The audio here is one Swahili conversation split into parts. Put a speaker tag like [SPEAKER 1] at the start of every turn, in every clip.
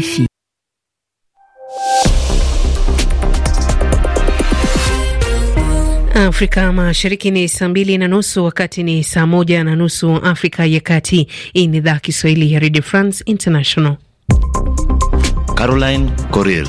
[SPEAKER 1] RFI.
[SPEAKER 2] Afrika Mashariki ni saa mbili na nusu, wakati ni saa moja na nusu Afrika ya Kati. Hii ni idhaa Kiswahili ya Radio France International.
[SPEAKER 3] Caroline Corrier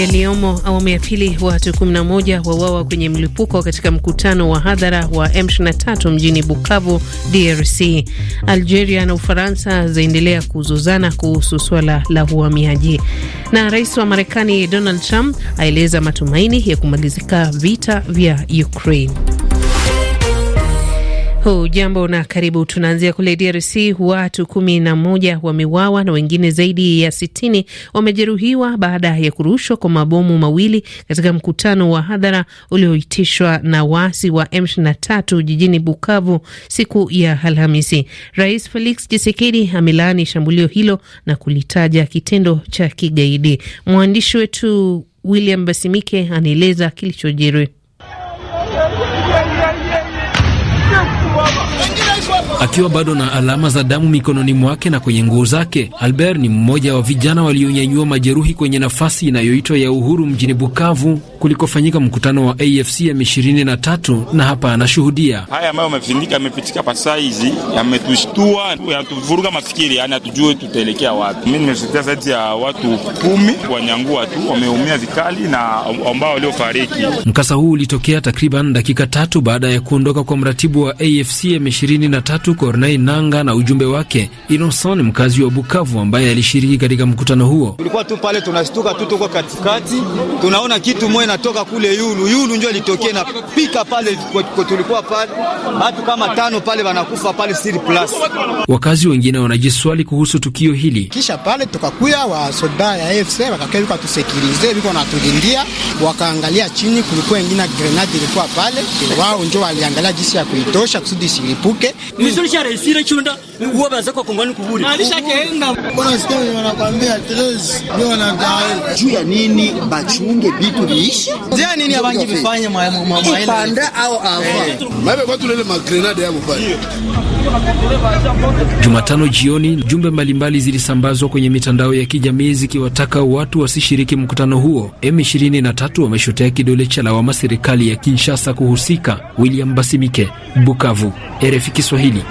[SPEAKER 2] yaliyomo awamu ya pili. Watu 11 wauawa kwenye mlipuko katika mkutano wa hadhara wa M23 mjini Bukavu, DRC. Algeria na Ufaransa zaendelea kuzozana kuhusu swala la uhamiaji. Na rais wa Marekani Donald Trump aeleza matumaini ya kumalizika vita vya Ukraine. Hujambo na karibu. Tunaanzia kule DRC. Watu kumi na moja wamewawa na wengine zaidi ya sitini wamejeruhiwa baada ya kurushwa kwa mabomu mawili katika mkutano wa hadhara ulioitishwa na waasi wa M23 jijini Bukavu siku ya Alhamisi. Rais Felix Tshisekedi amelaani shambulio hilo na kulitaja kitendo cha kigaidi. Mwandishi wetu William Basimike anaeleza kilichojiri.
[SPEAKER 4] akiwa bado na alama za damu mikononi mwake na kwenye nguo zake. Albert ni mmoja wa vijana walionyanyua majeruhi kwenye nafasi inayoitwa ya uhuru mjini Bukavu kulikofanyika mkutano wa AFC M23, na hapa anashuhudia
[SPEAKER 1] haya ambayo amefindika amepitika
[SPEAKER 4] pasaizi, yametushtua yatuvuruga mafikiri, yani hatujue tutaelekea wapi. Mi nimefikia zaidi ya watu kumi wanyangua tu wameumia vikali na ambao waliofariki. Mkasa huu ulitokea takriban dakika tatu baada ya kuondoka kwa mratibu wa AFC M23 Corneille Nanga na ujumbe wake. Innocent ni mkazi wa Bukavu ambaye alishiriki katika mkutano huo. Tulikuwa tu pale tunashtuka tu, tuko katikati, tunaona kitu moja natoka kule
[SPEAKER 3] yulu yulu, ndio ilitokea na pika pale, tulikuwa pale watu kama tano pale wanakufa pale siri plus.
[SPEAKER 4] Wakazi wengine wanajiswali kuhusu tukio hili.
[SPEAKER 3] Kisha pale
[SPEAKER 4] tukakuya wa soda ya AFC wakakaa wakatusekirize, biko wanatulindia, wakaangalia chini, kulikuwa wengine grenade ilikuwa pale, wao ndio waliangalia jinsi ya kuitosha kusudi isilipuke. Kiswahili cha rais ile chunda huwa baza kwa kongani kuburi. Maalisha kaenda. Bwana sikia wanakuambia tres ndio wanadai. Juu ya nini bachunge bitu biishi? Zia nini abangi bifanye mwa mwa mwa. Ipanda au ava. Eh. Mabe kwa tulele magrenade hapo pale. Jumatano jioni, jumbe mbalimbali zilisambazwa kwenye mitandao ya kijamii zikiwataka watu wasishiriki mkutano huo. M23 wameshotea kidole cha lawama serikali ya Kinshasa kuhusika. William Basimike, Bukavu, RFI Kiswahili.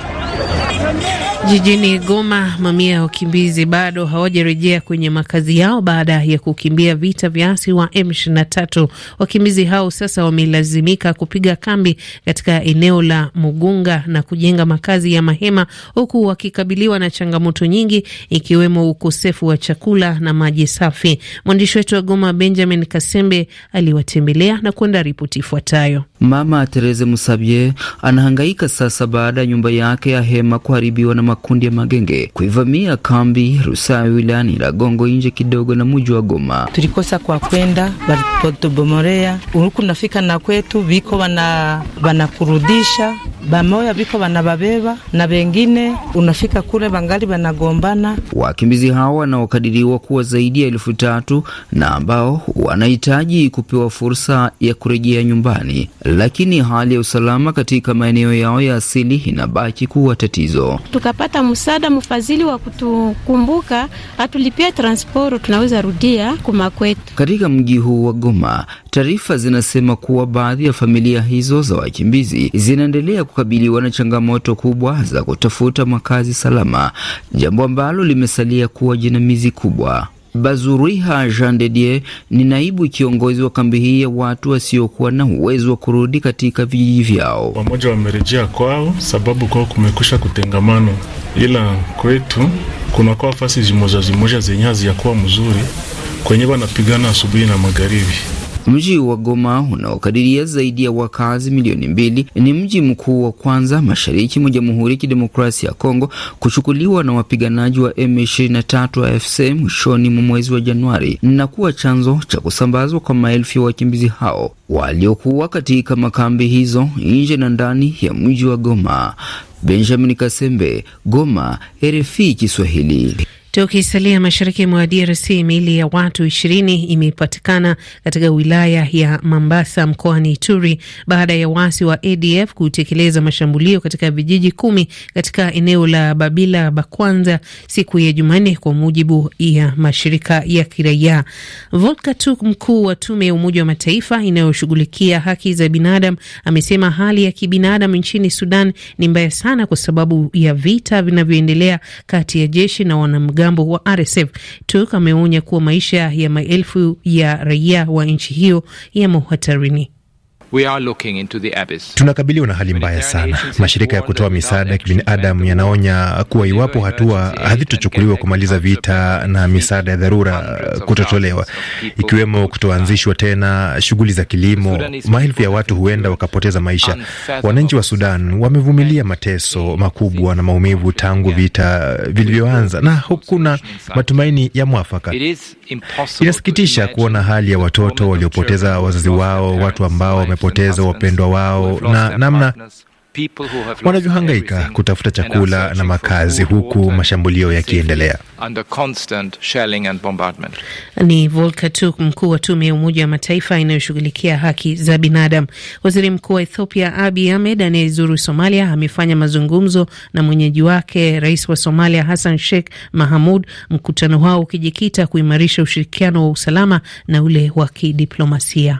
[SPEAKER 2] Jijini Goma, mamia ya wakimbizi bado hawajarejea kwenye makazi yao baada ya kukimbia vita vya asi wa M23. Wakimbizi hao sasa wamelazimika kupiga kambi katika eneo la Mugunga na kujenga makazi ya mahema, huku wakikabiliwa na changamoto nyingi, ikiwemo ukosefu wa chakula na maji safi. Mwandishi wetu wa Goma, Benjamin Kasembe, aliwatembelea na kuenda ripoti ifuatayo.
[SPEAKER 1] Mama Therese Musabye anahangaika sasa baada ya nyumba yake ya hema kuharibiwa na makundi ya magenge kuivamia kambi Rusayo wilayani lagongo nje kidogo na muji wa Goma. Tulikosa kwa kwenda balitubomorea huku, nafika na kwetu viko wanakurudisha bamoya viko wanababeba na vengine unafika kule vangali wanagombana Wakimbizi hao wanaokadiriwa kuwa zaidi ya elfu tatu na ambao wanahitaji kupewa fursa ya kurejea nyumbani, lakini hali ya usalama katika maeneo yao ya asili inabaki kuwa tatizo
[SPEAKER 2] Tukapa tulipata msaada mfadhili wa kutukumbuka, atulipia transporo, tunaweza rudia kuma kwetu.
[SPEAKER 1] Katika mji huu wa Goma, taarifa zinasema kuwa baadhi ya familia hizo za wakimbizi zinaendelea kukabiliwa na changamoto kubwa za kutafuta makazi salama, jambo ambalo limesalia kuwa jinamizi kubwa. Bazuriha Jean de Dieu ni naibu kiongozi wa kambi hii ya watu wasiokuwa na uwezo wa kurudi katika vijiji vyao. Wamoja wamerejea kwao sababu kwao kumekwisha kutengamano, ila kwetu kunakuwa fasi zimoja zimoja zenye haziyakuwa mzuri kwenye wanapigana asubuhi na magharibi. Mji wa Goma unaokadiria zaidi ya wakazi milioni mbili ni mji mkuu wa kwanza mashariki mwa Jamhuri ya Kidemokrasia ya Kongo kuchukuliwa na wapiganaji wa M23 AFC mwishoni mwa mwezi wa Januari na kuwa chanzo cha kusambazwa kwa maelfu ya wakimbizi hao waliokuwa katika makambi hizo nje na ndani ya mji wa Goma. Benjamin Kasembe, Goma, RFI Kiswahili.
[SPEAKER 2] Tukisalia mashariki mwa DRC, miili ya watu ishirini imepatikana katika wilaya ya Mambasa mkoani Ituri baada ya waasi wa ADF kutekeleza mashambulio katika vijiji kumi katika eneo la Babila Bakwanza siku ya Jumanne, kwa mujibu ya mashirika ya kiraia. Volker Turk, mkuu wa tume ya Umoja wa Mataifa inayoshughulikia haki za binadamu, amesema hali ya kibinadamu nchini Sudan ni mbaya sana kwa sababu ya vita vinavyoendelea kati ya jeshi na wanamgambo wanamgambo wa RSF. Turk ameonya kuwa maisha ya maelfu ya raia wa nchi hiyo yamo hatarini.
[SPEAKER 3] Tunakabiliwa na hali mbaya sana. Mashirika ya kutoa misaada ya kibinadamu yanaonya kuwa iwapo hatua hazitochukuliwa kumaliza vita na misaada ya dharura kutotolewa, ikiwemo kutoanzishwa tena shughuli za kilimo, maelfu ya watu huenda wakapoteza maisha. Wananchi wa Sudan wamevumilia mateso makubwa na maumivu tangu vita vilivyoanza, na hakuna matumaini ya mwafaka. Inasikitisha kuona hali ya watoto waliopoteza wazazi wao, watu ambao wame kupoteza wapendwa wao na namna wanavyohangaika kutafuta chakula na makazi huku mashambulio yakiendelea.
[SPEAKER 2] Ni Volker Turk, mkuu wa tume ya Umoja wa Mataifa inayoshughulikia haki za binadamu. Waziri Mkuu wa Ethiopia Abiy Ahmed anayezuru Somalia amefanya mazungumzo na mwenyeji wake Rais wa Somalia Hassan Sheikh Mahamud, mkutano wao ukijikita kuimarisha ushirikiano wa usalama na ule wa kidiplomasia.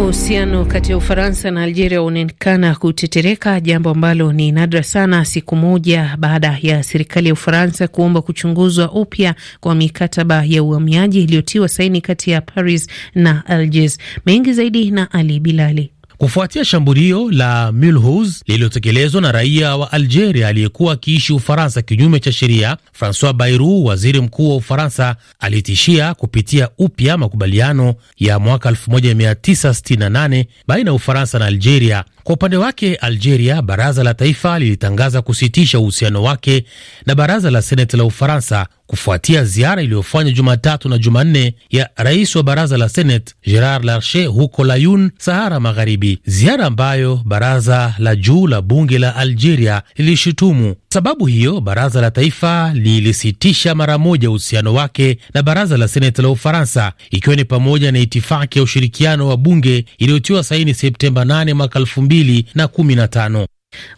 [SPEAKER 2] Uhusiano kati ya Ufaransa na Algeria unaonekana kutetereka, jambo ambalo ni nadra sana, siku moja baada ya serikali ya Ufaransa kuomba kuchunguzwa upya kwa mikataba ya uhamiaji iliyotiwa saini kati ya Paris na Algiers. Mengi zaidi na Ali Bilali
[SPEAKER 3] kufuatia shambulio la Mulhouse lililotekelezwa na raia wa Algeria aliyekuwa akiishi Ufaransa kinyume cha sheria. Francois Bayrou, waziri mkuu wa Ufaransa, alitishia kupitia upya makubaliano ya mwaka 1968 baina ya Ufaransa na Algeria. Kwa upande wake Algeria, baraza la taifa lilitangaza kusitisha uhusiano wake na baraza la seneti la Ufaransa kufuatia ziara iliyofanywa Jumatatu na Jumanne ya rais wa baraza la seneti Gerard Larcher huko Layun, Sahara Magharibi ziara ambayo baraza la juu la bunge la Algeria lilishutumu. Sababu hiyo baraza la taifa lilisitisha mara moja uhusiano wake na baraza la seneta la Ufaransa, ikiwa ni pamoja na itifaki ya ushirikiano wa bunge iliyotiwa saini Septemba 8 mwaka 2015.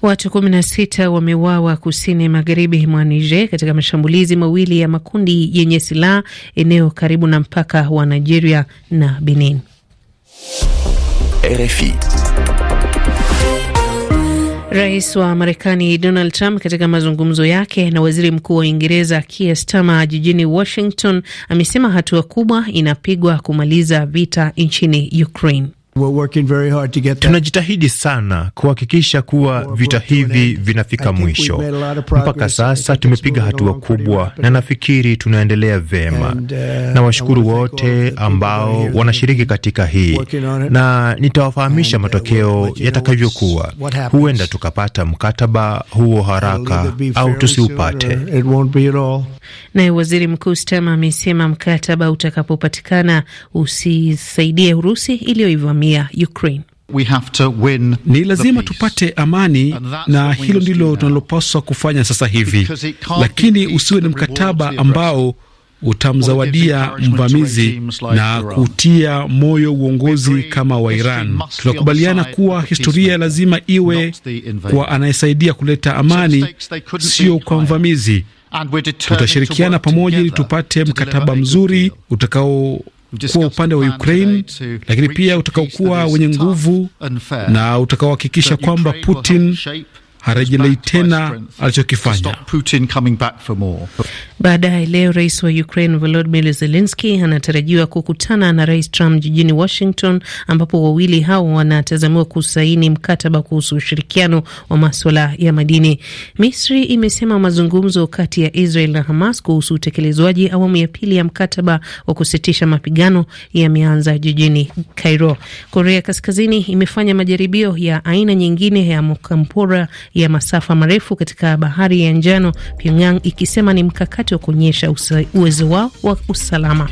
[SPEAKER 2] Watu 16 wameuawa kusini magharibi mwa Niger katika mashambulizi mawili ya makundi yenye silaha eneo karibu na mpaka wa Nigeria na Benin. RFI. Rais wa Marekani Donald Trump katika mazungumzo yake na waziri mkuu wa Uingereza Keir Starmer jijini Washington amesema hatua kubwa inapigwa kumaliza vita nchini Ukraine.
[SPEAKER 3] Tunajitahidi sana kuhakikisha kuwa vita hivi vinafika mwisho. Mpaka sasa tumepiga hatua kubwa, na nafikiri tunaendelea vema Uh, na washukuru wote ambao wanashiriki katika hii, na nitawafahamisha uh, matokeo yatakavyokuwa. Huenda tukapata mkataba huo haraka au tusiupate.
[SPEAKER 2] Naye waziri mkuu Stama amesema mkataba utakapopatikana usisaidie Urusi iliyoivamia Ukraine.
[SPEAKER 4] We have to win ni lazima tupate amani, na hilo ndilo tunalopaswa kufanya sasa hivi, lakini usiwe ni mkataba ambao utamzawadia mvamizi na kutia moyo uongozi kama wa Iran. Tunakubaliana kuwa historia lazima iwe
[SPEAKER 3] kwa anayesaidia kuleta amani, sio kwa mvamizi. Tutashirikiana pamoja ili tupate mkataba mzuri utakaokuwa
[SPEAKER 4] upande wa Ukraine, lakini pia utakaokuwa wenye nguvu na utakaohakikisha kwamba Putin harejelei tena alichokifanya.
[SPEAKER 2] Baadaye leo rais wa Ukraine Volodymyr Zelensky anatarajiwa kukutana na rais Trump jijini Washington, ambapo wawili hao wanatazamiwa kusaini mkataba kuhusu ushirikiano wa maswala ya madini. Misri imesema mazungumzo kati ya Israel na Hamas kuhusu utekelezwaji awamu ya pili ya mkataba wa kusitisha mapigano yameanza jijini Cairo. Korea Kaskazini imefanya majaribio ya aina nyingine ya mokompora ya masafa marefu katika bahari ya njano, Pyongyang ikisema ni mkakati wa kuonyesha uwezo wao wa usalama.